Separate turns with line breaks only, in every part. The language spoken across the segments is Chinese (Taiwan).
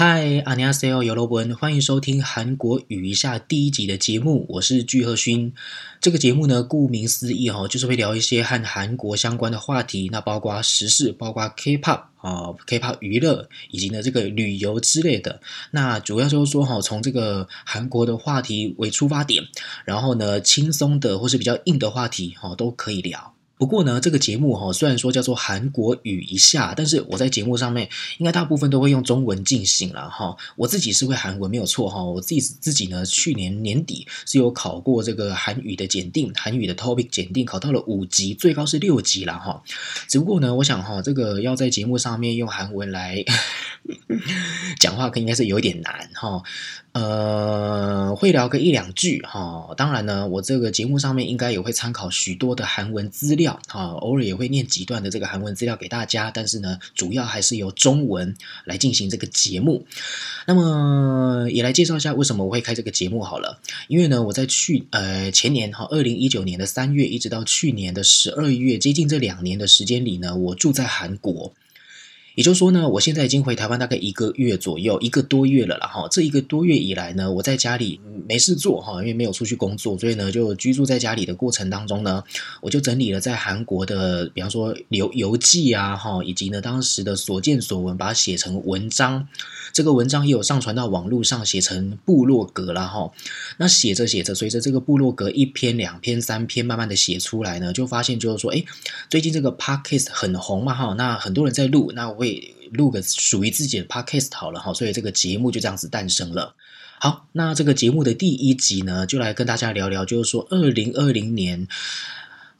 嗨，안녕하세요，여러분，歡迎收聽韓國語一下第一集的節目。我是聚賀勳。這個節目呢，顧名思義哈、哦，就是會聊一些和韓國相關的話題，那包括時事，包括 K-pop 啊、哦，K-pop 娛樂，以及呢這個旅遊之類的。那主要就是說哈、哦，從這個韓國的話題為出發點，然後呢，輕鬆的或是比較硬的話題哈、哦，都可以聊。不過呢，這個節目哈，雖然說叫做韓國語一下，但是我在節目上面應該大部分都會用中文進行了哈。我自己是會韓文沒有錯哈，我自己自己呢，去年年底是有考過這個韓語的檢定，韓語的 topic 檢定考到了五級，最高是六級了哈。只不過呢，我想哈，這個要在節目上面用韓文來講話，可應該是有點難哈。呃，會聊個一兩句哈、哦。當然呢，我這個節目上面應該也會參考許多的韓文資料哈、哦，偶爾也會念幾段的這個韓文資料給大家。但是呢，主要還是由中文來進行這個節目。那麼也來介紹一下為什麼我會開這個節目好了。因為呢，我在去呃前年哈，二零一九年的三月，一直到去年的十二月，接近這兩年的時間裡呢，我住在韓國。也就是說呢，我現在已經回台灣大概一個月左右，一個多月了啦。哈，這一個多月以來呢，我在家裡沒事做哈，因為沒有出去工作，所以呢，就居住在家裡的過程當中呢，我就整理了在韓國的，比方說遊遊記啊，哈，以及呢當時的所見所聞，把它寫成文章。這個文章也有上傳到網絡上，寫成部落格了哈。那寫着寫着，隨着這個部落格一篇、兩篇、三篇，慢慢的寫出來呢，就發現就是說，哎，最近這個 podcast 很紅嘛哈，那很多人在錄，那我也，錄個屬於自己的 podcast 好了哈，所以這個節目就這樣子誕生了。好，那這個節目的第一集呢，就來跟大家聊聊，就是說二零二零年。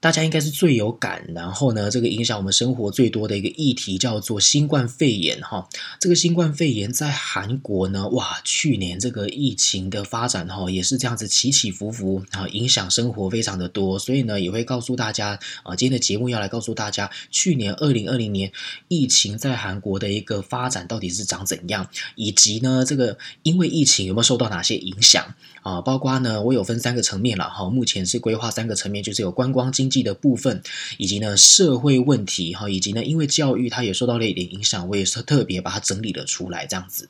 大家應該是最有感，然後呢，這個影響我們生活最多的一個議題叫做新冠肺炎哈。這個新冠肺炎在韓國呢，哇，去年這個疫情的發展哈，也是這樣子起起伏伏啊，影響生活非常的多。所以呢，也會告訴大家啊，今天的節目要來告訴大家，去年二零二零年疫情在韓國的一個發展到底是長怎樣，以及呢，這個因為疫情有沒有受到哪些影響啊，包括呢，我有分三個層面了哈，目前是規劃三個層面，就是有觀光經。經濟的部分，以及呢社會問題，哈，以及呢因為教育它也受到了一點影響，我也是特別把它整理了出來，這樣子。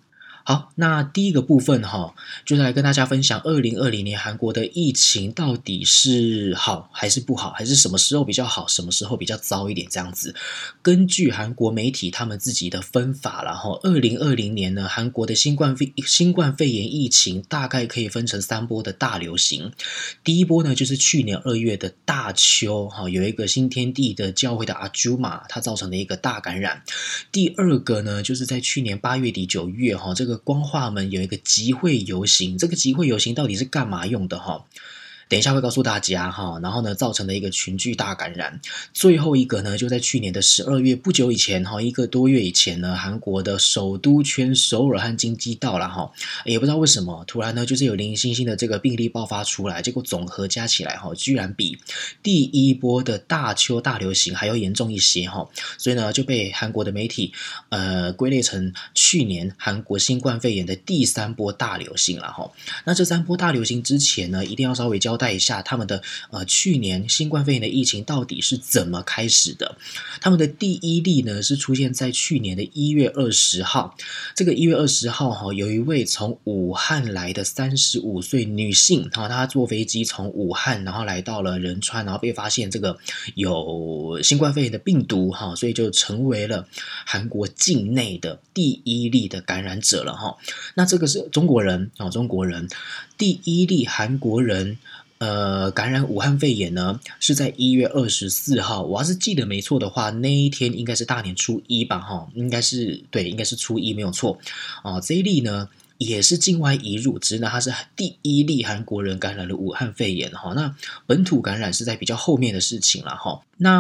好，那第一個部分哈、哦，就是來跟大家分享，二零二零年韓國的疫情到底是好還是不好，還是什麼時候比較好，什麼時候比較糟一點這樣子。根據韓國媒體他們自己的分法，然後二零二零年呢，韓國的新冠肺新冠肺炎疫情大概可以分成三波的大流行。第一波呢，就是去年二月的大邱哈、哦，有一個新天地的教會的阿珠瑪，它造成的一個大感染。第二個呢，就是在去年八月底九月哈、哦，這個。光化門有一個集會遊行，這個集會遊行到底是幹嘛用的？哈？等一下會告訴大家哈，然後呢，造成的一個群聚大感染。最後一個呢，就在去年的十二月不久以前哈，一個多月以前呢，韓國的首都圈首爾和京畿道了哈，也不知道為什麼，突然呢，就是有零零星星的這個病例爆發出來，結果總和加起來哈，居然比第一波的大邱大流行還要嚴重一些哈，所以呢，就被韓國的媒體呃歸類成去年韓國新冠肺炎的第三波大流行了哈。那這三波大流行之前呢，一定要稍微交，帶一下他們的呃，去年新冠肺炎的疫情到底是怎麼開始的？他們的第一例呢，是出現在去年的一月二十號。這個一月二十號哈、哦，有一位從武漢來的三十五歲女性哈、哦，她坐飛機從武漢，然後來到了仁川，然後被發現這個有新冠肺炎的病毒哈、哦，所以就成為了韓國境內的第一例的感染者了哈、哦。那這個是中國人啊、哦，中國人第一例韓國人。呃，感染武漢肺炎呢，是在一月二十四號。我要是記得沒錯的話，那一天應該是大年初一吧？哈，應該是對，應該是初一沒有錯。哦，這一例呢也是境外移入，只是呢它是第一例韓國人感染了武漢肺炎哈、哦。那本土感染是在比較後面的事情了哈。那、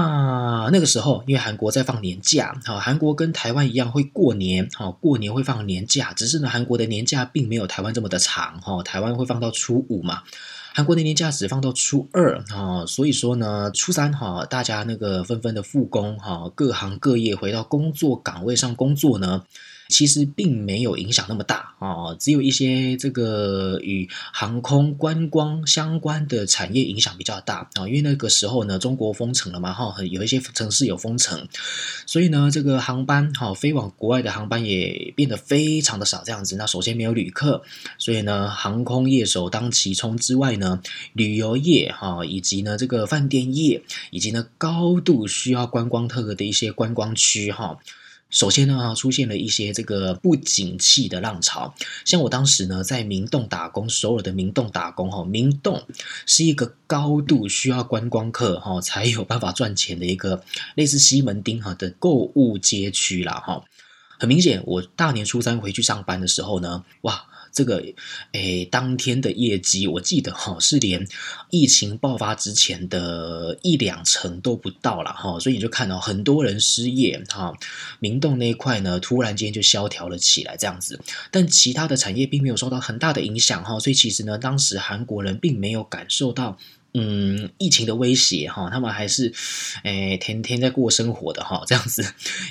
哦、那個時候因為韓國在放年假，哈、哦，韓國跟台灣一樣會過年，哈、哦，過年會放年假，只是呢韓國的年假並沒有台灣這麼的長，哈、哦，台灣會放到初五嘛。韓國那年假只放到初二啊、哦，所以說呢，初三哈，大家那個紛紛的復工哈、哦，各行各業回到工作崗位上工作呢。其實並沒有影響那麼大啊、哦，只有一些這個與航空觀光相關的產業影響比較大啊、哦，因為那個時候呢，中國封城了嘛哈、哦，有一些城市有封城，所以呢，這個航班哈、哦、飛往國外的航班也變得非常的少這樣子。那首先沒有旅客，所以呢，航空業首當其衝之外呢，旅遊業哈、哦、以及呢這個飯店業以及呢高度需要觀光特色的一些觀光區哈。哦首先呢，出現了一些這個不景氣的浪潮。像我當時呢，在明洞打工，首爾的明洞打工哈，明洞是一個高度需要觀光客哈才有辦法賺錢的一個類似西門町哈的購物街區啦哈。很明顯，我大年初三回去上班的時候呢，哇！這個誒，當天的業績，我記得哈、哦、是連疫情爆發之前的一兩成都不到了哈、哦，所以你就看到、哦、很多人失業哈，明、哦、洞那一塊呢突然間就蕭條了起來，這樣子，但其他的產業並沒有受到很大的影響哈、哦，所以其實呢，當時韓國人並沒有感受到。嗯，疫情的威脅哈，他們還是，哎、欸，天天在過生活的哈，這樣子，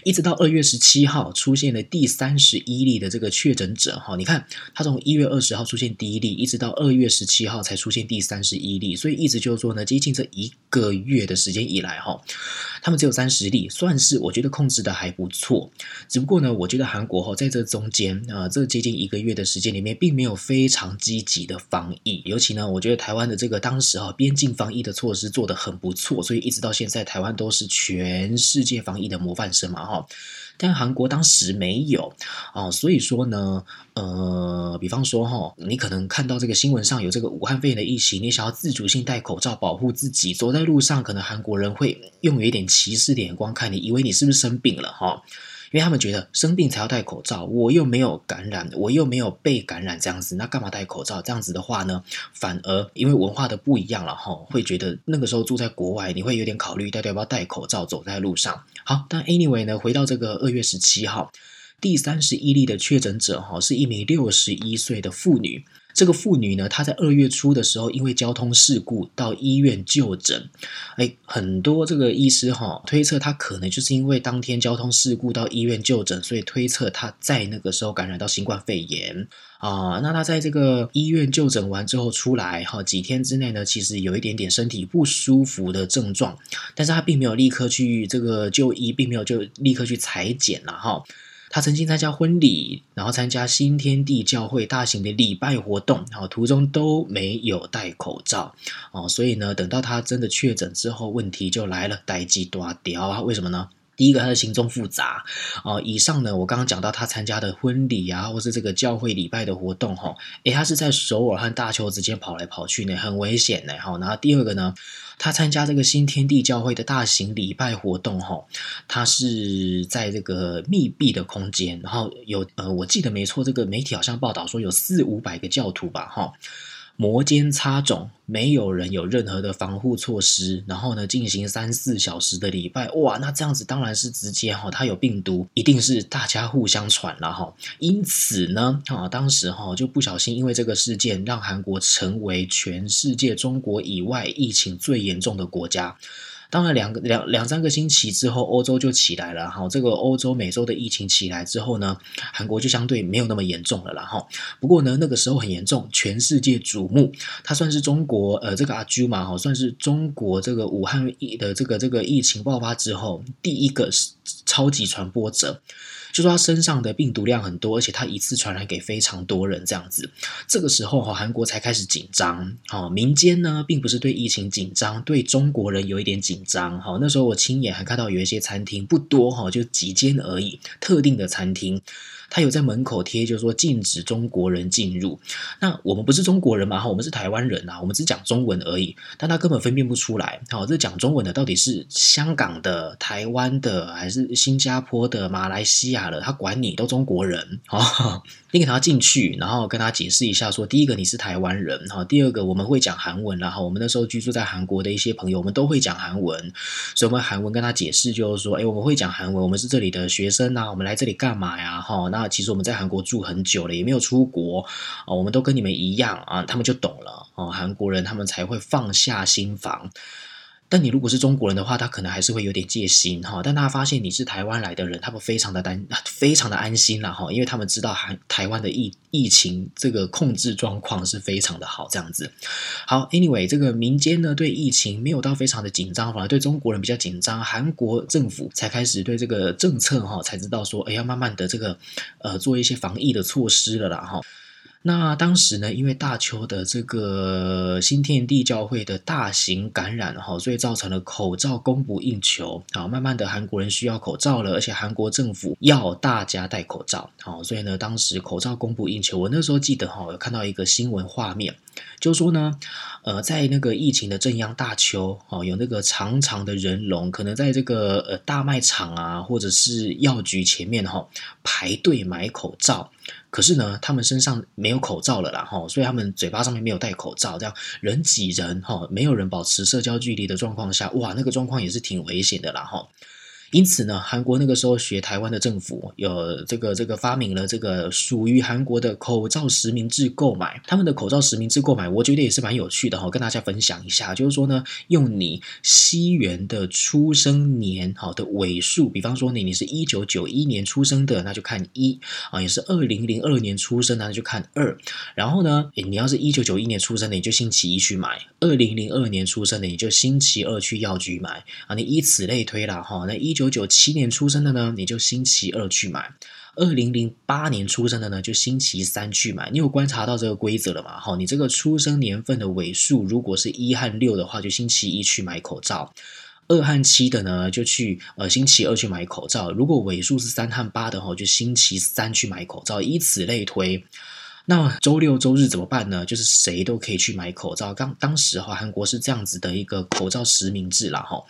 一直到二月十七號出現了第三十一例的這個確診者哈，你看，他從一月二十號出現第一例，一直到二月十七號才出現第三十一例，所以一直就是說呢，接近這一個月的時間以來哈，他們只有三十例，算是我覺得控制的還不錯，只不過呢，我覺得韓國在這中間啊，這接近一個月的時間裡面，並沒有非常積極的防疫，尤其呢，我覺得台灣的這個當時哈邊進防疫的措施做得很不錯，所以一直到現在，台灣都是全世界防疫的模範生嘛，哈。但韓國當時沒有啊，所以說呢，呃，比方說哈，你可能看到這個新聞上有這個武漢肺炎的疫情，你想要自主性戴口罩保護自己，走在路上，可能韓國人會用有一點歧視的眼光看你，以為你是不是生病了，哈。因為他們覺得生病才要戴口罩，我又沒有感染，我又沒有被感染這樣子，那幹嘛戴口罩？這樣子的話呢，反而因為文化的不一樣了哈，會覺得那個時候住在國外，你會有點考慮到底要不要戴口罩走在路上。好，但 anyway 呢，回到這個二月十七號，第三十一例的確診者哈是一名六十一歲的婦女。這個婦女呢，她在二月初的時候因為交通事故到醫院就診，誒很多這個醫師哈、哦、推測她可能就是因為當天交通事故到醫院就診，所以推測她在那個時候感染到新冠肺炎啊、呃。那她在這個醫院就診完之後出來哈，幾天之內呢，其實有一點點身體不舒服的症狀，但是她並沒有立刻去這個就醫，並沒有就立刻去採檢了哈。他曾經參加婚禮，然後參加新天地教會大型的禮拜活動，然後途中都沒有戴口罩，哦，所以呢，等到他真的確診之後，問題就來了，代誌大條啊！為什麼呢？第一個，他的行蹤複雜哦，以上呢，我剛剛講到他參加的婚禮啊，或是這個教會禮拜的活動哈。誒，他是在首爾和大邱之間跑來跑去呢，很危險呢。好，然後第二個呢，他參加這個新天地教會的大型禮拜活動哈，他是在這個密閉的空間，然後有呃，我記得沒錯，這個媒體好像報道說有四五百個教徒吧，哈、哦。摩肩擦踵，沒有人有任何的防護措施，然後呢，進行三四小時的禮拜，哇，那這樣子當然是直接哈，他有病毒，一定是大家互相傳了哈，因此呢，啊，當時哈就不小心因為這個事件，讓韓國成為全世界中國以外疫情最嚴重的國家。當然兩，兩個兩兩三個星期之後，歐洲就起來了。哈，這個歐洲、美洲的疫情起來之後呢，韓國就相對沒有那麼嚴重了啦。然後，不過呢，那個時候很嚴重，全世界矚目。它算是中國呃，這個阿珠瑪，好，算是中國這個武漢疫的這個這個疫情爆發之後第一個是超級傳播者。就說他身上的病毒量很多，而且他一次傳染給非常多人這樣子。這個時候哈，韓國才開始緊張。好，民間呢，並不是對疫情緊張，對中國人有一點緊張。好，那時候我親眼還看到有一些餐廳不多哈，就幾間而已，特定的餐廳。他有在門口貼，就是說禁止中國人進入。那我們不是中國人嘛？我們是台灣人吶、啊，我們只講中文而已。但他根本分辨不出來，好，這講中文的到底是香港的、台灣的，還是新加坡的、馬來西亞的？他管你都中國人，好，你給他進去，然後跟他解釋一下，說第一個你是台灣人，哈，第二個我們會講韓文，然後我們那時候居住在韓國的一些朋友，我們都會講韓文，所以我們韓文跟他解釋，就是說，哎，我們會講韓文，我們是這裡的學生吶、啊，我們來這裡幹嘛呀？哈，那。啊，其實我們在韓國住很久了，也沒有出國啊，我們都跟你們一樣啊，他們就懂了哦，韓國人他們才會放下心防。但你如果是中國人的話，他可能還是會有點戒心哈。但他發現你是台灣來的人，他們非常的擔，非常的安心了哈，因為他們知道台灣的疫疫情這個控制狀況是非常的好這樣子。好，Anyway，這個民間呢，對疫情沒有到非常的緊張，反而對中國人比較緊張。韓國政府才開始對這個政策哈，才知道說，誒，要慢慢的這個呃做一些防疫的措施了啦哈。那當時呢，因為大邱的這個新天地教會的大型感染哈，所以造成了口罩供不應求啊。慢慢的，韓國人需要口罩了，而且韓國政府要大家戴口罩，好，所以呢，當時口罩供不應求。我那時候記得哈，我有看到一個新聞畫面。就是說呢，呃，在那個疫情的震央大邱，哦，有那個長長的人龍，可能在這個呃大賣場啊，或者是藥局前面吼、哦、排隊買口罩。可是呢，他們身上沒有口罩了，啦，吼、哦、所以他們嘴巴上面沒有戴口罩，這樣人擠人吼、哦、沒有人保持社交距離的狀況下，哇，那個狀況也是挺危險的啦，哈、哦。因此呢，韓國那個時候學台灣的政府有這個這個發明了這個屬於韓國的口罩實名制購買。他們的口罩實名制購買，我覺得也是蠻有趣的哈、哦，跟大家分享一下。就是說呢，用你西元的出生年好的尾數，比方說你你是一九九一年出生的，那就看一啊；也、哦、是二零零二年出生的，那就看二。然後呢，你要是一九九一年出生的，你就星期一去買；二零零二年出生的，你就星期二去藥局買啊。你以此類推啦哈、哦，那一、九九七年出生的呢，你就星期二去買；二零零八年出生的呢，就星期三去買。你有觀察到這個規則了嗎？吼，你這個出生年份的尾數，如果是一和六的話，就星期一去買口罩；二和七的呢，就去呃星期二去買口罩。如果尾數是三和八的話，就星期三去買口罩。以此類推。那周六周日怎麼辦呢？就是誰都可以去買口罩。剛當時哈，韓國是這樣子的一個口罩實名制了哈。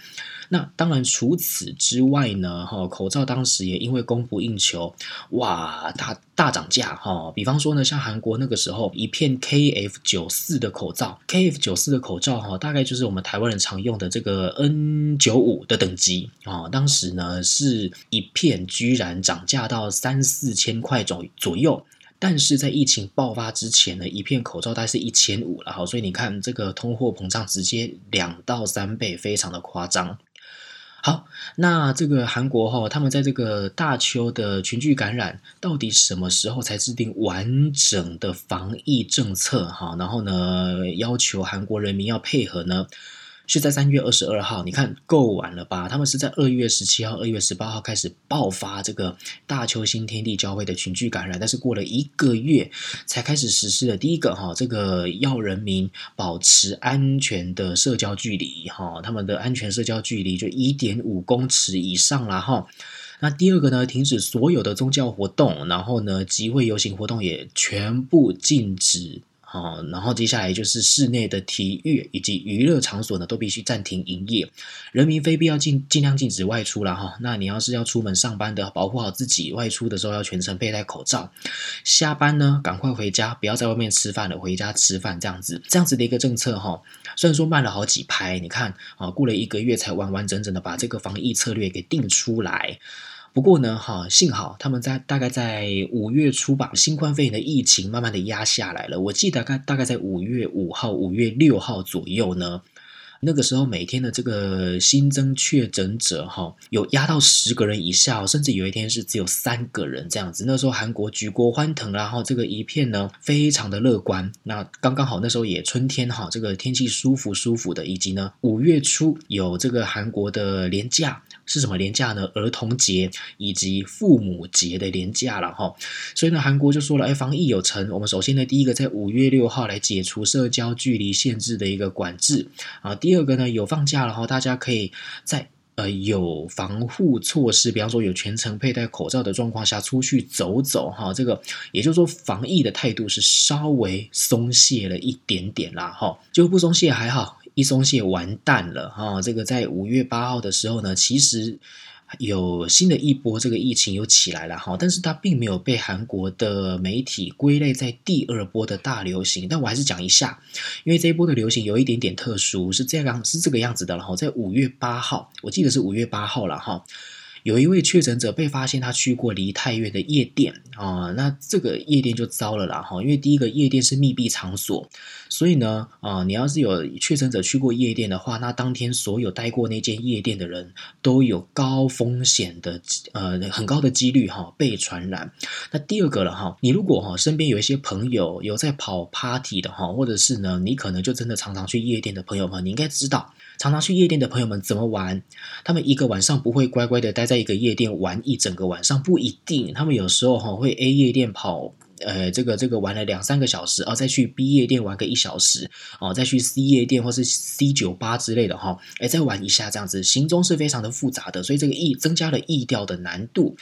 那當然除此之外呢，哈，口罩當時也因為供不應求，哇，大大漲價哈。比方說呢，像韓國那個時候一片 K F 九四的口罩，K F 九四的口罩哈，大概就是我們臺灣人常用的這個 N 九五的等級啊。當時呢，是一片居然漲價到三四千塊左左右。但是在疫情爆發之前呢，一片口罩大概是一千五了哈，所以你看這個通貨膨脹直接兩到三倍，非常的誇張。好，那這個韓國哈、哦，他們在這個大邱的群聚感染，到底什麼時候才制定完整的防疫政策哈？然後呢，要求韓國人民要配合呢？是在三月二十二號，你看夠晚了吧？他們是在二月十七號、二月十八號開始爆發這個大邱新天地教會的群聚感染，但是過了一個月才開始實施了第一個哈，這個要人民保持安全的社交距離哈，他們的安全社交距離就一點五公尺以上了哈。那第二個呢，停止所有的宗教活動，然後呢，集會遊行活動也全部禁止。好，然後接下來就是室內的體育以及娛樂場所呢，都必須暫停營業，人民非必要盡尽量禁止外出了哈。那你要是要出門上班的，保護好自己，外出的時候要全程佩戴口罩。下班呢，趕快回家，不要在外面吃飯了，回家吃飯這樣子。這樣子的一個政策哈，雖然說慢了好幾拍，你看啊，過了一個月才完完整整的把這個防疫策略給定出來。不過呢，哈，幸好他們在大概在五月初吧，新冠肺炎的疫情慢慢的壓下來了。我記得大概大概在五月五號、五月六號左右呢，那個時候每天的這個新增確診者，哈，有壓到十個人以下，甚至有一天是只有三個人這樣子。那時候韓國舉國歡騰，然後這個一片呢非常的樂觀。那剛剛好那時候也春天哈，這個天氣舒服舒服的，以及呢五月初有這個韓國的連假。是什麼連假呢？兒童節以及父母節的連假了哈，所以呢，韓國就說了，哎，防疫有成，我們首先呢，第一個在五月六號來解除社交距離限制的一個管制啊，第二個呢有放假了哈，大家可以在呃有防護措施，比方說有全程佩戴口罩的狀況下出去走走哈，這個也就是說防疫的態度是稍微鬆懈了一點點啦哈，就不鬆懈還好。一鬆懈完蛋了哈！這個在五月八號的時候呢，其實有新的一波這個疫情又起來了哈，但是它並沒有被韓國的媒體歸類在第二波的大流行。但我還是講一下，因為這一波的流行有一點點特殊，是這樣是這個樣子的。然後在五月八號，我記得是五月八號了哈。有一位確診者被發現，他去過梨泰院的夜店啊、呃，那這個夜店就糟了啦哈，因為第一個夜店是密閉場所，所以呢啊、呃，你要是有確診者去過夜店的話，那當天所有待過那間夜店的人都有高風險的呃很高的幾率哈被傳染。那第二個了哈，你如果哈身邊有一些朋友有在跑 party 的哈，或者是呢你可能就真的常常去夜店的朋友們，你應該知道。常常去夜店的朋友們怎麼玩？他們一個晚上不會乖乖的待在一個夜店玩一整個晚上，不一定。他們有時候哈會 A 夜店跑，呃，這個這個玩了兩三個小時哦，再去 B 夜店玩個一小時哦，再去 C 夜店或是 C 酒吧之類的哈，哎，再玩一下，這樣子行蹤是非常的複雜的，所以這個 e 增加了疫調的難度。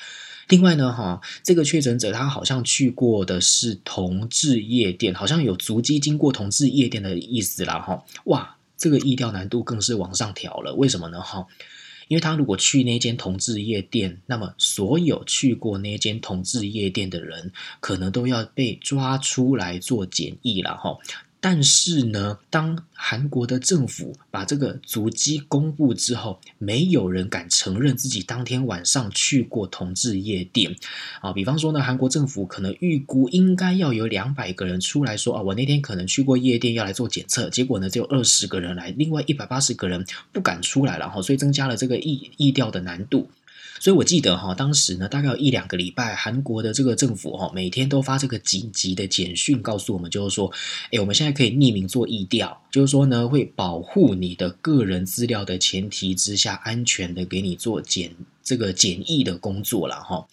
另外呢哈，這個確診者他好像去過的是同志夜店，好像有足跡經過同志夜店的意思啦哈，哇。這個疫調難度更是往上調了，為什麼呢？哈，因為他如果去那間同志夜店，那麼所有去過那間同志夜店的人，可能都要被抓出來做檢疫了，哈。但是呢，當韓國的政府把這個足跡公布之後，沒有人敢承認自己當天晚上去過同志夜店。啊、哦，比方說呢，韓國政府可能預估應該要有兩百個人出來說啊、哦，我那天可能去過夜店，要來做檢測。結果呢，只有二十個人來，另外一百八十個人不敢出來了哈、哦，所以增加了這個疫,疫調的難度。所以，我記得哈，當時呢，大概有一兩個禮拜，韓國的這個政府哈，每天都發這個緊急的簡訊告訴我們，就是說，誒、欸、我們現在可以匿名做疫調，就是說呢，會保護你的個人資料的前提之下，安全的給你做檢這個檢疫的工作了哈。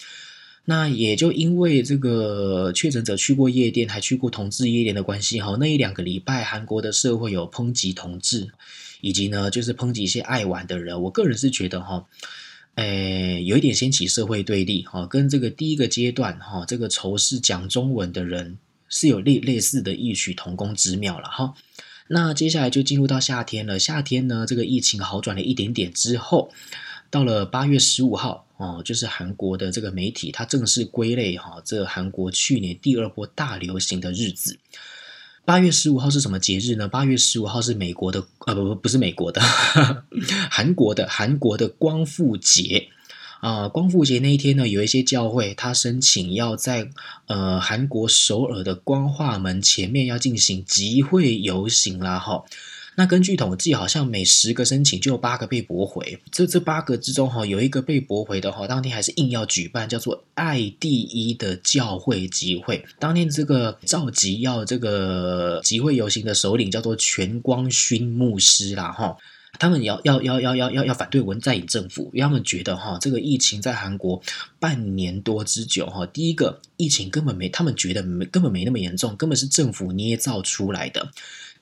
那也就因為這個確診者去過夜店，還去過同志夜店的關係哈，那一兩個禮拜，韓國的社會有抨擊同志，以及呢，就是抨擊一些愛玩的人。我個人是覺得哈。誒，有一點掀起社會對立哈，跟這個第一個階段哈，這個仇視講中文的人是有類類似的異曲同工之妙了哈。那接下來就進入到夏天了，夏天呢，這個疫情好轉了一點點之後，到了八月十五號哦，就是韓國的這個媒體，它正式歸類哈，這韓國去年第二波大流行的日子。八月十五號是什麼節日呢？八月十五號是美國的，呃，不不，不是美國的，呵呵，韓國的，韓國的光復節。啊、呃，光復節那一天呢，有一些教會，他申請要在呃韓國首爾的光化門前面要進行集會遊行啦，哈。那根據統計，好像每十個申請就有八個被駁回。這這八個之中，哈，有一個被駁回的話，當天還是硬要舉辦叫做愛第一的教會集會。當天這個召集要這個集會遊行的首領叫做全光勳牧師啦，哈，他們要要要要要要反對文在寅政府。因為他們覺得哈，這個疫情在韓國半年多之久，哈，第一個疫情根本沒，他們覺得沒根本沒那麼嚴重，根本是政府捏造出來的。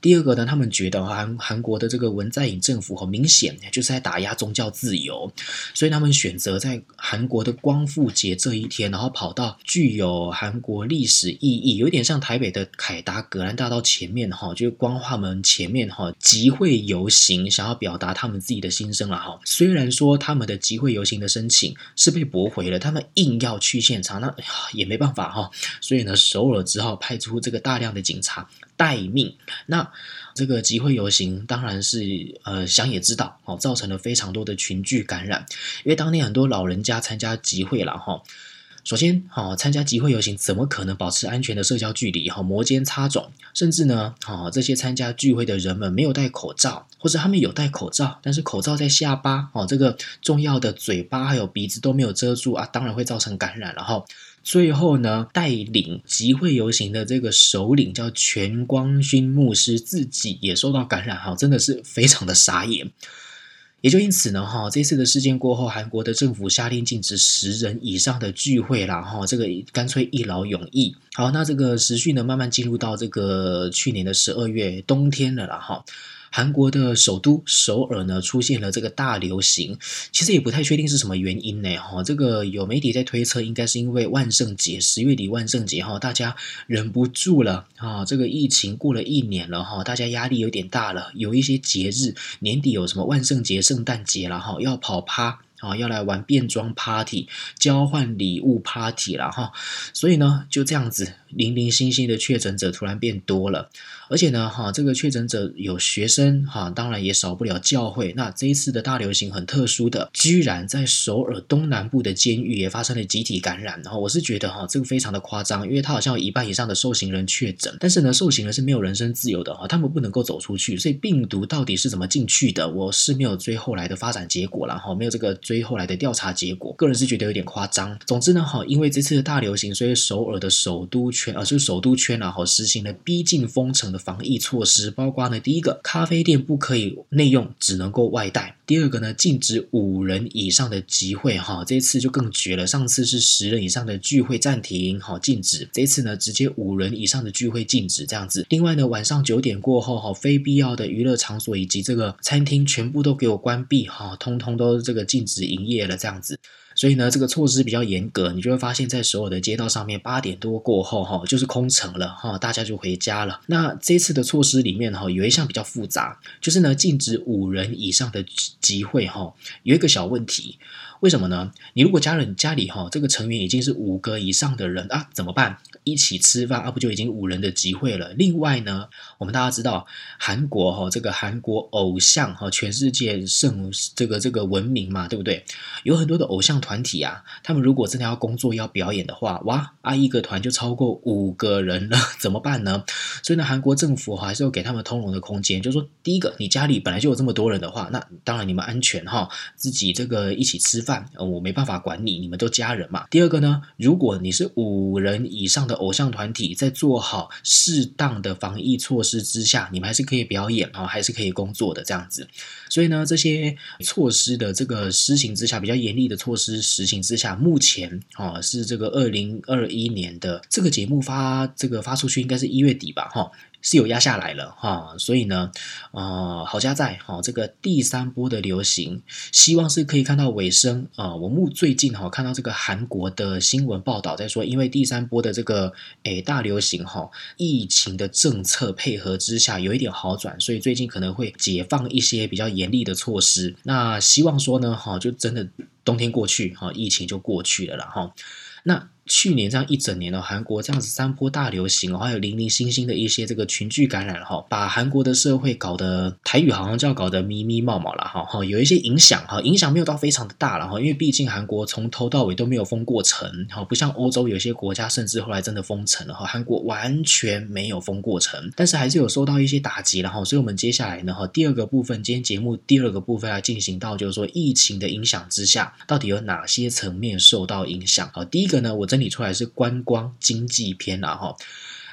第二個呢，他們覺得韓韓國的這個文在寅政府很明顯就是在打壓宗教自由，所以他們選擇在韓國的光復節這一天，然後跑到具有韓國歷史意義，有點像台北的凱達格蘭大道前面哈，就是光化門前面哈，集會遊行，想要表達他們自己的心聲了哈。雖然說他們的集會遊行的申請是被駁回了，他們硬要去現場，那也沒辦法哈。所以呢，首爾只好派出這個大量的警察，待命。那這個集會遊行當然是呃，想也知道，好、哦、造成了非常多的群聚感染，因為當年很多老人家參加集會了哈、哦。首先，好、哦、參加集會遊行怎麼可能保持安全的社交距離？哈、哦，摩肩擦踵，甚至呢，好、哦、這些參加聚會的人們沒有戴口罩，或者他們有戴口罩，但是口罩在下巴，哦，這個重要的嘴巴還有鼻子都沒有遮住啊，當然會造成感染了哈。然後最後呢，帶領集會遊行的這個首領叫全光勳牧師，自己也受到感染哈，真的是非常的傻眼。也就因此呢，哈，這次的事件過後，韓國的政府下令禁止十人以上的聚會啦哈，這個乾脆一勞永逸。好，那這個時序呢，慢慢進入到這個去年的十二月，冬天了啦哈。韓國的首都首爾呢，出現了這個大流行，其實也不太確定是什麼原因呢？哈，這個有媒體在推測，應該是因為萬聖節，十月底萬聖節哈，大家忍不住了啊！這個疫情過了一年了哈，大家壓力有點大了，有一些節日年底有什麼萬聖節、聖誕節了哈，要跑趴啊，要來玩變裝 party、交換禮物 party 了哈，所以呢，就這樣子零零星星的確診者突然變多了。而且呢，哈，這個確診者有學生哈，當然也少不了教會。那這一次的大流行很特殊的，居然在首爾東南部的監獄也發生了集體感染。然後我是覺得哈，這個非常的誇張，因為他好像有一半以上的受刑人確診，但是呢，受刑人是沒有人身自由的哈，他們不能夠走出去。所以病毒到底是怎麼進去的，我是沒有追後來的發展結果了哈，沒有這個追後來的調查結果。個人是覺得有點誇張。總之呢，哈，因為這次的大流行，所以首爾的首都圈啊，就是首都圈啊，然後實行了逼近封城的。防疫措施包括呢，第一個，咖啡店不可以內用，只能夠外帶；第二個呢，禁止五人以上的集會。哈，這次就更絕了，上次是十人以上的聚會暫停，哈，禁止；這次呢，直接五人以上的聚會禁止，這樣子。另外呢，晚上九點過後，哈，非必要的娛樂場所以及這個餐廳全部都給我關閉，哈，通通都這個禁止營業了，這樣子。所以呢，這個措施比較嚴格，你就會發現，在所有的街道上面，八點多過後哈、哦，就是空城了哈、哦，大家就回家了。那這次的措施裡面哈、哦，有一項比較複雜，就是呢，禁止五人以上的集會哈、哦，有一個小問題。為什麼呢？你如果家人家裡哈、哦、這個成員已經是五個以上的人啊，怎麼辦？一起吃飯啊，不就已經五人的集會了？另外呢，我們大家知道韓國哈、哦、這個韓國偶像哈全世界盛、這個，這個這個聞名嘛，對不對？有很多的偶像團體啊，他們如果真的要工作要表演的話，哇，啊一個團就超過五個人了，怎麼辦呢？所以呢，韓國政府還是要給他們通融的空間，就是說，第一個，你家裡本來就有這麼多人的話，那當然你們安全哈，自己這個一起吃飯。哦，我沒辦法管你，你們都家人嘛。第二個呢，如果你是五人以上的偶像團體，在做好適當的防疫措施之下，你們還是可以表演啊，還是可以工作的這樣子。所以呢，這些措施的這個實行之下，比較嚴厲的措施實行之下，目前啊，哦，是這個二零二一年的這個節目發這個發出去，應該是一月底吧，哈，哦。是有壓下來了哈，所以呢，啊、呃，好家在哈，這個第三波的流行，希望是可以看到尾聲啊、呃。我目最近哈看到這個韓國的新聞報導，在說，因為第三波的這個誒大流行哈，疫情的政策配合之下，有一點好轉，所以最近可能會解放一些比較嚴厲的措施。那希望說呢，哈，就真的冬天過去哈，疫情就過去了了哈。那。去年這樣一整年的韓國這樣子三波大流行，還有零零星星的一些這個群聚感染哈，把韓國的社會搞得，台語好像就要搞得密密茂茂了哈，哈有一些影響哈，影響沒有到非常的大了哈，因為畢竟韓國從頭到尾都沒有封過城哈，不像歐洲有些國家甚至後來真的封城了哈，韓國完全沒有封過城，但是還是有受到一些打擊，然後所以我們接下來呢哈，第二個部分，今天節目第二個部分來進行到，就是說疫情的影響之下，到底有哪些層面受到影響啊？第一個呢，我真。理出來是觀光經濟篇了哈。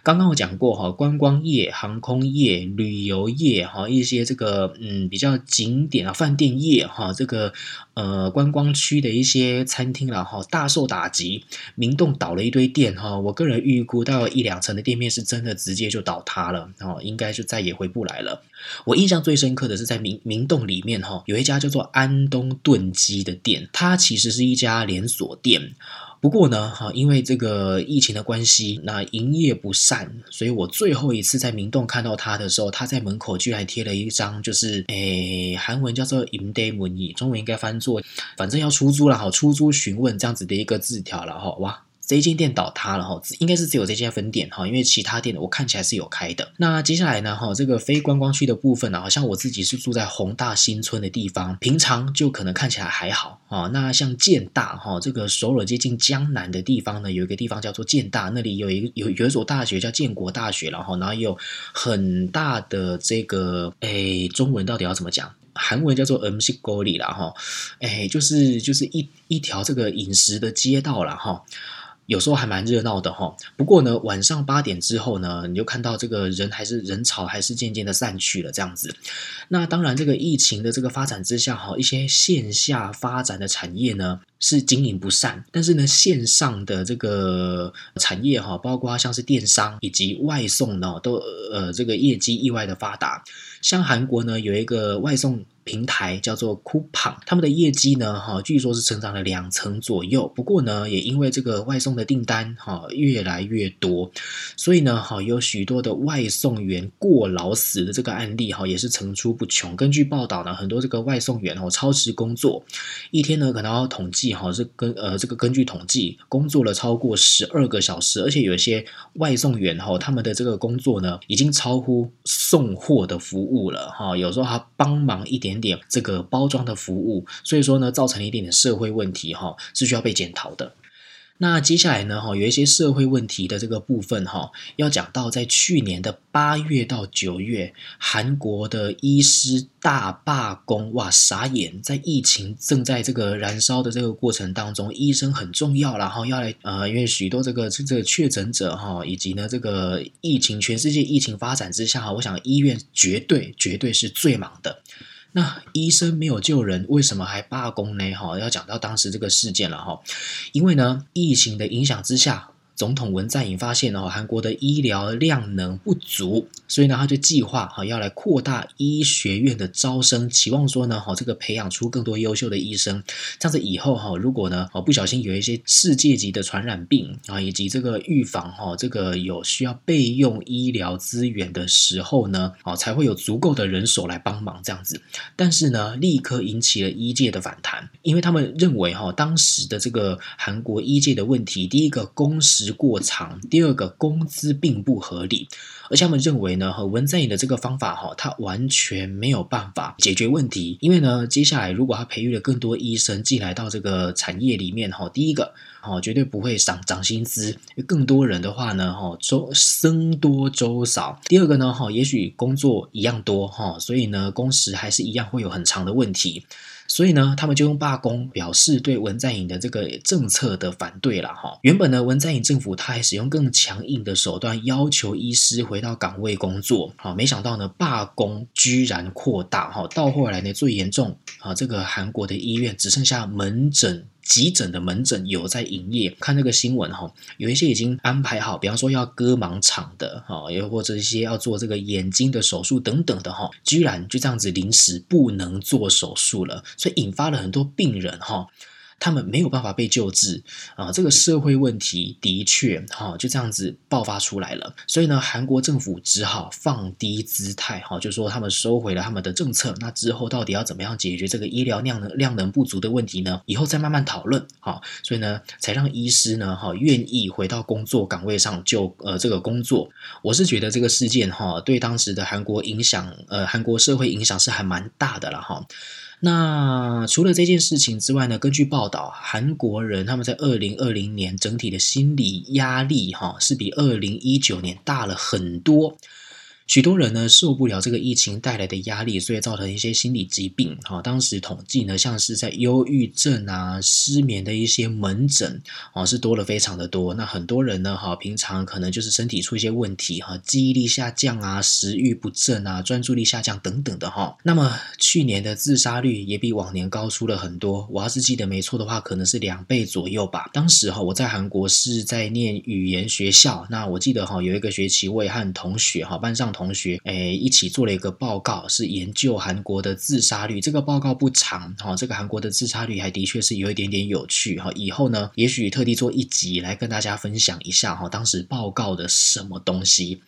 剛剛我講過哈、啊，觀光業、航空業、旅遊業、啊、一些這個嗯比較景點啊、飯店業哈、啊，這個呃觀光區的一些餐廳、啊、大受打擊。明洞倒了一堆店哈、啊，我個人預估到一兩層的店面是真的直接就倒塌了哦、啊，應該就再也回不來了。我印象最深刻的是在明明洞裡面哈、啊，有一家叫做安東燉雞的店，它其實是一家連鎖店。不過呢，哈，因為這個疫情的關係，那營業不善，所以我最後一次在明洞看到他的時候，他在門口居然貼了一張，就是誒，韓文叫做임대문의，中文應該翻作，反正要出租了哈，出租詢問這樣子的一個字條了哈，哇。這一間店倒塌了哈，應該是只有這間分店哈，因為其他店我看起來是有開的。那接下來呢哈，這個非觀光區的部分呢，好像我自己是住在弘大新村的地方，平常就可能看起來還好啊。那像建大哈，這個首爾接近江南的地方呢，有一個地方叫做建大，那裡有一個有有，有一所大學叫建國大學，然後然後有很大的這個誒，中文到底要怎麼講？韓文叫做 M 시거리了哈，哎，就是就是一一條這個飲食的街道了哈。有時候還蠻熱鬧的齁，不過呢，晚上八點之後呢，你就看到這個人還是人潮還是漸漸的散去了這樣子。那當然，這個疫情的這個發展之下哈，一些線下發展的產業呢是經營不善，但是呢，線上的這個產業齁，包括像是電商以及外送呢，都呃這個業績意外的發達。像韓國呢，有一個外送。平台叫做 Coupang，他們的業績呢，哈，據說是成長了兩成左右。不過呢，也因為這個外送的訂單，哈，越來越多，所以呢，哈，有許多的外送員過勞死的這個案例，哈，也是層出不窮。根據報道呢，很多這個外送員哦超時工作，一天呢，可能要統計哈，這個、根呃，這個根據統計，工作了超過十二個小時，而且有一些外送員哈，他們的這個工作呢，已經超乎送貨的服務了，哈，有時候還幫忙一點。點這個包裝的服務，所以說呢，造成了一點點社會問題哈、哦，是需要被檢討的。那接下來呢，哈、哦，有一些社會問題的這個部分哈、哦，要講到在去年的八月到九月，韓國的醫師大罷工，哇，傻眼？在疫情正在這個燃燒的這個過程當中，醫生很重要啦，哦、然後要來呃，因為許多這個這個確診者哈、哦，以及呢，這個疫情全世界疫情發展之下哈，我想醫院絕對絕對是最忙的。那醫生沒有救人，為什麼還罷工呢？哈，要講到當時這個事件了哈，因為呢，疫情的影響之下。總統文在寅發現呢、哦，韓國的醫療量能不足，所以呢，他就計劃哈要來擴大醫學院的招生，期望說呢，哈這個培養出更多優秀的醫生，這樣子以後哈，如果呢，哦不小心有一些世界級的傳染病啊，以及這個預防哈，這個有需要備用醫療資源的時候呢，哦才會有足夠的人手來幫忙這樣子。但是呢，立刻引起了醫界的反彈，因為他們認為哈當時的這個韓國醫界的問題，第一個工時。過長。第二個，工資並不合理，而且他們認為呢，和文在寅的這個方法哈，他完全沒有辦法解決問題。因為呢，接下來如果他培育了更多醫生進來到這個產業裡面哈，第一個哈絕對不會漲漲薪資，更多人的話呢哈，粥，僧多粥少。第二個呢哈，也許工作一樣多哈，所以呢工時還是一樣會有很長的問題。所以呢，他們就用罷工表示對文在寅的這個政策的反對了哈。原本呢，文在寅政府他還使用更強硬的手段要求醫師回到崗位工作，好，沒想到呢，罷工居然擴大哈。到後來呢，最嚴重啊，這個韓國的醫院只剩下門診。急診的門診有在營業，看這個新聞哈，有一些已經安排好，比方說要割盲腸的哈，又或者一些要做這個眼睛的手術等等的哈，居然就這樣子臨時不能做手術了，所以引發了很多病人哈。他們沒有辦法被救治啊，這個社會問題的確哈，就這樣子爆發出來了。所以呢，韓國政府只好放低姿態哈，就說他們收回了他們的政策。那之後到底要怎麼樣解決這個醫療量能量能不足的問題呢？以後再慢慢討論哈。所以呢，才讓醫師呢哈，願意回到工作崗位上就呃這個工作。我是覺得這個事件哈，對當時的韓國影響呃韓國社會影響是還蠻大的了哈。那除了這件事情之外呢，根據報道，韓國人他們在二零二零年整體的心理壓力，哈，是比二零一九年大了很多。許多人呢，受不了這個疫情帶來的壓力，所以造成一些心理疾病。哈、哦，當時統計呢，像是在憂鬱症啊、失眠的一些門診，啊、哦，是多了非常的多。那很多人呢，哈、哦，平常可能就是身體出一些問題，哈、哦，記憶力下降啊、食慾不振啊、專注力下降等等的哈、哦。那麼去年的自殺率也比往年高出了很多。我要是記得沒錯的話，可能是兩倍左右吧。當時哈、哦，我在韓國是在念語言學校，那我記得哈、哦，有一個學期我也和同學哈、哦，班上。同學，哎，一起做了一個報告，是研究韓國的自殺率。這個報告不長，哈，這個韓國的自殺率還的確是有一點點有趣，哈。以後呢，也許特地做一集來跟大家分享一下，哈，當時報告的什麼東西。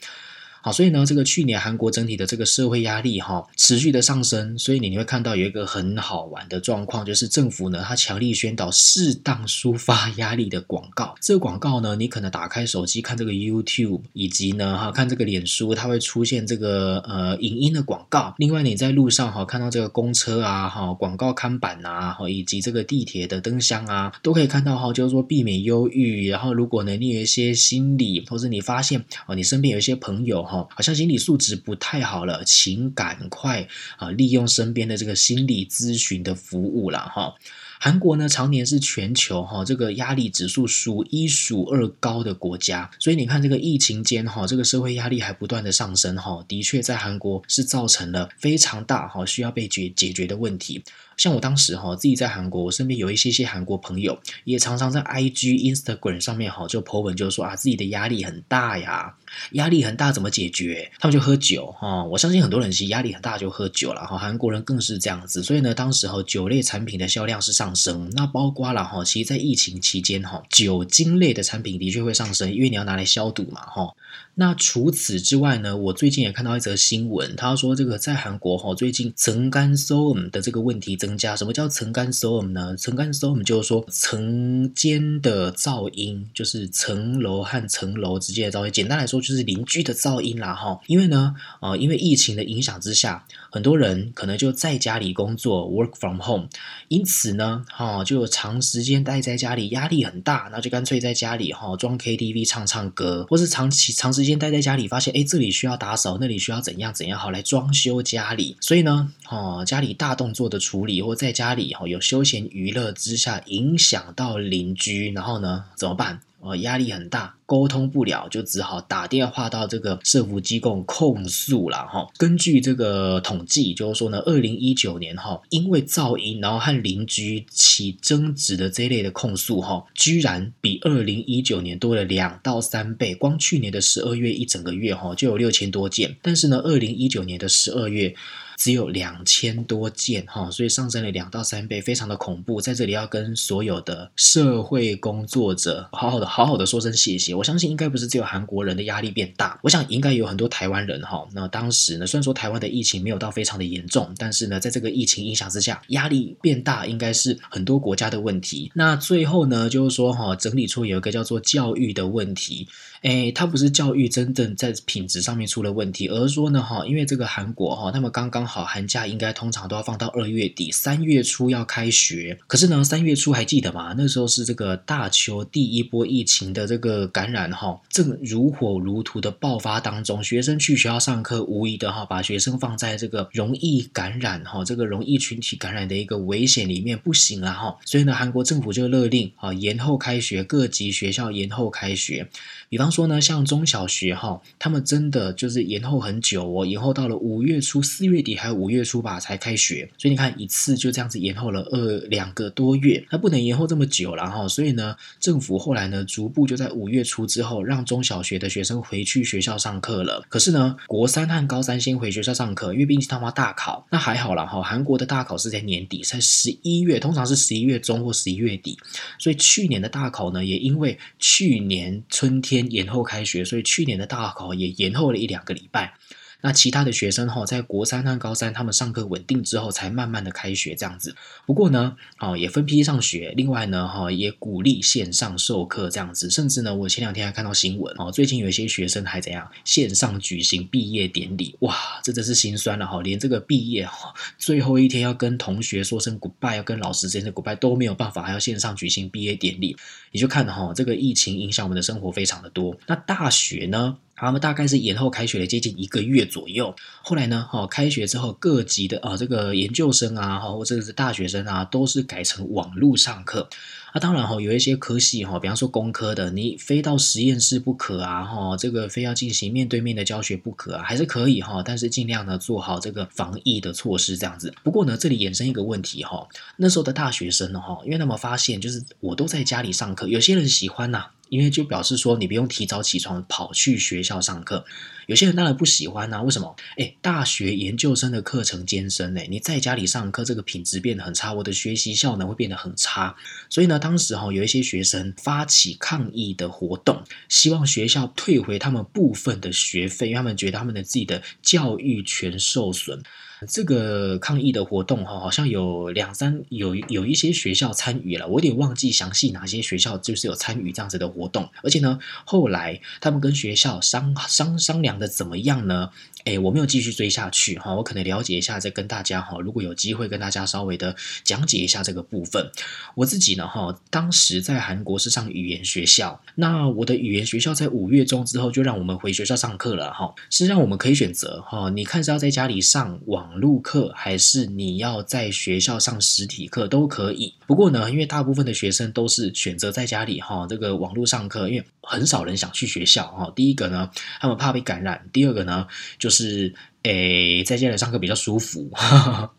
好，所以呢，這個去年韓國整體的這個社會壓力哈、哦、持續的上升，所以你，你會看到有一個很好玩的狀況，就是政府呢它強力宣導適當抒發壓力的廣告。這個廣告呢，你可能打開手機看這個 YouTube，以及呢哈看這個臉書，它會出現這個呃影音的廣告。另外你在路上哈看到這個公車啊哈廣告看板啊，以及這個地鐵的燈箱啊，都可以看到哈，就是說避免憂鬱。然後如果呢你有一些心理，或者你發現哦你身邊有一些朋友。好像心理素質不太好了，請趕快啊利用身邊的這個心理諮詢的服務了哈。韓國呢，常年是全球哈這個壓力指數數一數二高的國家，所以你看這個疫情間哈，這個社會壓力還不斷的上升哈，的確在韓國是造成了非常大哈需要被解解決的問題。像我當時哈、哦，自己在韓國，我身邊有一些些韓國朋友，也常常在 IG、Instagram 上面哈、哦，就 po 文就，就是說啊，自己的壓力很大呀，壓力很大怎麼解決？他們就喝酒哈、哦。我相信很多人其實壓力很大就喝酒了哈、哦。韓國人更是這樣子，所以呢，當時哈、哦，酒類產品的銷量是上升。那包括了哈、哦，其實，在疫情期間哈、哦，酒精類的產品的確會上升，因為你要拿來消毒嘛哈、哦。那除此之外呢，我最近也看到一則新聞，他說這個在韓國哈、哦，最近增肝素的這個問題增加什麼叫層干聲呢？層干聲，我們就是說層間的噪音，就是層樓和層樓之間的噪音。簡單來說，就是鄰居的噪音啦，哈。因為呢，呃，因為疫情的影響之下。很多人可能就在家裡工作，work from home，因此呢，哈，就長時間待在家裡，壓力很大，那就乾脆在家裡哈裝 KTV 唱唱歌，或是長期長時間待在家裡，發現誒，這裡需要打掃，那裡需要怎樣怎樣，好來裝修家裡。所以呢，哈，家裡大動作的處理，或在家裡哈有休閒娛樂之下影響到鄰居，然後呢，怎麼辦？呃，壓力很大，溝通不了，就只好打電話到這個社福機構控訴了哈。根據這個統計，就是說呢，二零一九年哈，因為噪音然後和鄰居起爭執的這類的控訴哈，居然比二零一九年多了兩到三倍，光去年的十二月一整個月哈，就有六千多件。但是呢，二零一九年的十二月只有兩千多件哈，所以上升了兩到三倍，非常的恐怖。在這裡要跟所有的社會工作者好好的、好好的說聲謝謝。我相信應該不是只有韓國人的壓力變大，我想應該有很多台灣人哈。那當時呢，雖然說台灣的疫情沒有到非常的嚴重，但是呢，在這個疫情影響之下，壓力變大應該是很多國家的問題。那最後呢，就是說哈，整理出有一個叫做教育的問題。哎，它不是教育真正在品質上面出了問題，而是說呢，哈，因為這個韓國哈，他們剛剛好寒假應該通常都要放到二月底三月初要開學，可是呢三月初還記得嗎？那時候是這個大邱第一波疫情的這個感染哈，正如火如荼的爆發當中，學生去學校上課無疑的哈，把學生放在這個容易感染哈，這個容易群體感染的一個危險裡面，不行了哈，所以呢，韓國政府就勒令啊延後開學，各級學校延後開學，比方。說呢，像中小學哈，他們真的就是延後很久哦，延後到了五月初、四月底還有五月初吧才開學，所以你看一次就這樣子延後了二兩個多月，那不能延後這麼久了哈，所以呢，政府後來呢逐步就在五月初之後讓中小學的學生回去學校上課了。可是呢，國三和高三先回學校上課，因為畢竟他們要大考，那還好了哈，韓國的大考是在年底，在十一月，通常是十一月中或十一月底，所以去年的大考呢也因為去年春天也延後開學，所以去年的大考也延後了一兩個禮拜。那其他的學生哈，在國三和高三，他們上課穩定之後，才慢慢的開學這樣子。不過呢，哦，也分批上學。另外呢，哈，也鼓勵線上授課這樣子。甚至呢，我前兩天還看到新聞，哦，最近有一些學生還怎樣，線上舉行畢業典禮。哇，這真是心酸了哈。連這個畢業哈，最後一天要跟同學說聲 goodbye，要跟老師說聲 goodbye 都沒有辦法，還要線上舉行畢業典禮。你就看哈，這個疫情影響我們的生活非常的多。那大學呢？他們大概是延後開學了，接近一個月左右。後來呢，哈、哦，開學之後，各級的啊、呃，這個研究生啊，哈，或者是大學生啊，都是改成網絡上課。啊，當然哈、哦，有一些科系哈、哦，比方說工科的，你非到實驗室不可啊，哈、哦，這個非要進行面對面的教學不可啊，還是可以哈、哦，但是盡量呢，做好這個防疫的措施，這樣子。不過呢，這裡衍生一個問題哈、哦，那時候的大學生呢，哈、哦，因為他們發現，就是我都在家裡上課，有些人喜歡吶、啊。因為就表示說，你不用提早起床跑去學校上課。有些人當然不喜歡吶、啊，為什麼？哎，大學研究生的課程艱深、欸、你在家裡上課，這個品質變得很差，我的學習效能會變得很差。所以呢，當時哈、哦、有一些學生發起抗議的活動，希望學校退回他們部分的學費，因為他們覺得他們的自己的教育權受損。這個抗議的活動哈、哦，好像有兩三有有一些學校參與了，我有點忘記詳細哪些學校就是有參與這樣子的活動，而且呢，後來他們跟學校商商商量的怎麼樣呢？誒，我沒有繼續追下去哈，我可能了解一下，再跟大家哈。如果有機會跟大家稍微的講解一下這個部分，我自己呢哈，當時在韓國是上語言學校，那我的語言學校在五月中之後就讓我們回學校上課了哈，是讓我們可以選擇哈，你看是要在家裡上網絡課，還是你要在學校上實體課都可以。不過呢，因為大部分的學生都是選擇在家裡哈，這個網絡上課，因為很少人想去學校哈。第一個呢，他們怕被感染；第二個呢，就就是欸，在家裡上課比較舒服呵呵，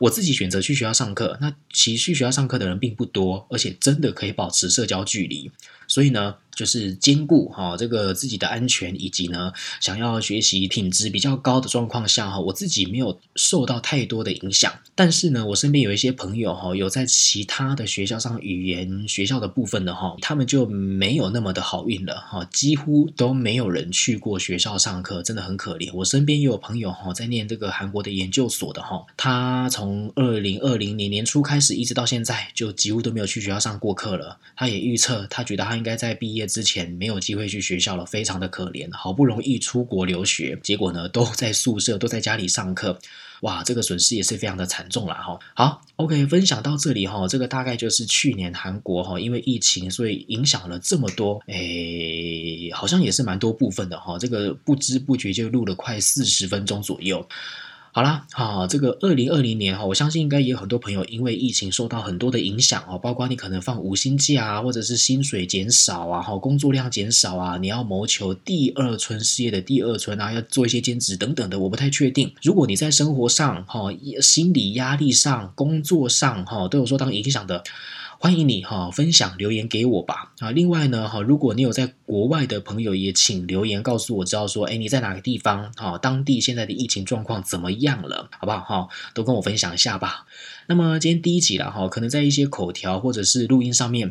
我自己選擇去學校上課。那其實去學校上課的人並不多，而且真的可以保持社交距離，所以呢。就是兼顧哈這個自己的安全，以及呢想要學習品質比較高的狀況下哈，我自己沒有受到太多的影響。但是呢，我身邊有一些朋友哈，有在其他的學校上語言學校的部分的哈，他們就沒有那麼的好運了哈，幾乎都沒有人去過學校上課，真的很可憐。我身邊也有朋友哈，在念這個韓國的研究所的哈，他從二零二零年年初開始，一直到現在，就幾乎都沒有去學校上過課了。他也預測，他覺得他應該在畢業。之前沒有機會去學校了，非常的可憐。好不容易出國留學，結果呢都在宿舍，都在家裡上課。哇，這個損失也是非常的慘重了哈。好，OK，分享到這裡哈，這個大概就是去年韓國哈，因為疫情所以影響了這麼多，哎，好像也是蠻多部分的哈。這個不知不覺就錄了快四十分鐘左右。好啦，哈，這個二零二零年哈，我相信應該也有很多朋友因為疫情受到很多的影響哈，包括你可能放五星假啊，或者是薪水減少啊，工作量減少啊，你要謀求第二春，事業的第二春啊，要做一些兼職等等的，我不太確定。如果你在生活上哈，心理壓力上、工作上哈，都有受到影響的，歡迎你哈、哦，分享留言給我吧啊！另外呢，哈，如果你有在國外的朋友，也請留言告訴我知道說，誒，你在哪個地方啊？當地現在的疫情狀況怎麼樣了？好不好哈？都跟我分享一下吧。那麼今天第一集了哈，可能在一些口條或者是錄音上面，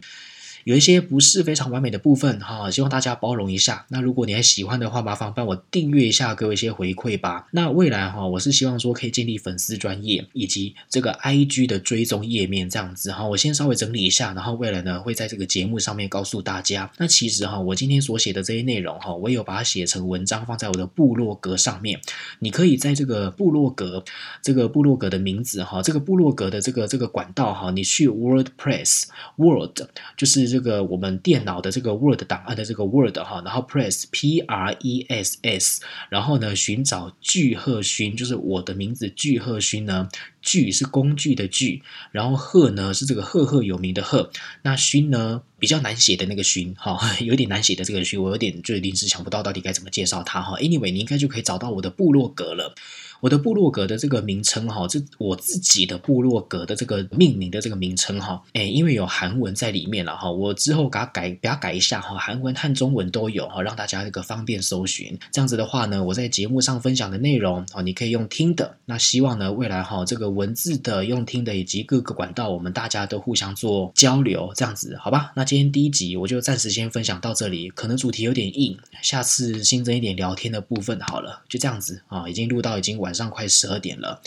有一些不是非常完美的部分哈，希望大家包容一下。那如果你還喜歡的話，麻煩幫我訂閱一下，給我一些回饋吧。那未來哈，我是希望說可以建立粉絲專頁以及這個 IG 的追蹤頁面這樣子哈。我先稍微整理一下，然後未來呢，會在這個節目上面告訴大家。那其實哈，我今天所寫的這些內容哈，我有把它寫成文章放在我的部落格上面。你可以在這個部落格，這個部落格的名字哈，這個部落格的這個這個管道哈，你去 WordPress world 就是，這個我們電腦的這個 Word 檔案的這個 Word 哈，然後 Press P R E S S，然後呢尋找聚合勳，就是我的名字聚合勳呢。具是工具的具，然後赫呢是這個赫赫有名的赫，那勳呢比較難寫的那個勳，哈、哦，有點難寫的這個勳，我有點就臨時想不到到底該怎麼介紹它，哈、哦。Anyway，你應該就可以找到我的部落格了，我的部落格的這個名稱，哈、哦，這我自己的部落格的這個命名的這個名稱，哈、哦，哎，因為有韓文在裡面了，哈、哦，我之後給它改，給它改一下，哈、哦，韓文和中文都有，哈、哦，讓大家這個方便搜尋。這樣子的話呢，我在節目上分享的內容，啊、哦，你可以用聽的，那希望呢未來哈、哦、這個。文字的、用聽的以及各個管道，我們大家都互相做交流，這樣子，好吧？那今天第一集我就暫時先分享到這裡，可能主題有點硬，下次新增一點聊天的部分好了，就這樣子啊，已經錄到已經晚上快十二點了。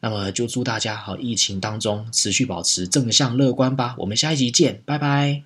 那麼就祝大家好，疫情當中持續保持正向樂觀吧。我們下一集見，拜拜。